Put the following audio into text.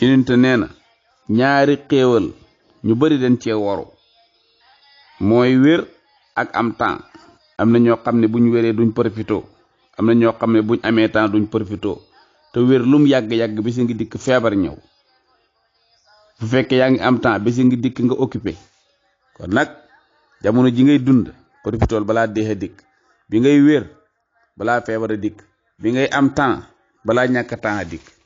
yonente nee na ñaari xéewal ñu bari dañ ci woro moy wër ak am temps amna ño ñoo ne buñ wéré duñ profito amna ño ñoo ne buñ amé temps duñ profito te wër lum yàgg-yàgg bi si ngi dikk feebar bu fekk ya nga am temps bi ngi dikk nga occupé kon nak jamono ji ngay dund profitool bala déhé dik bi ngay wër bala fièvre dik bi ngay am temps bala temps dik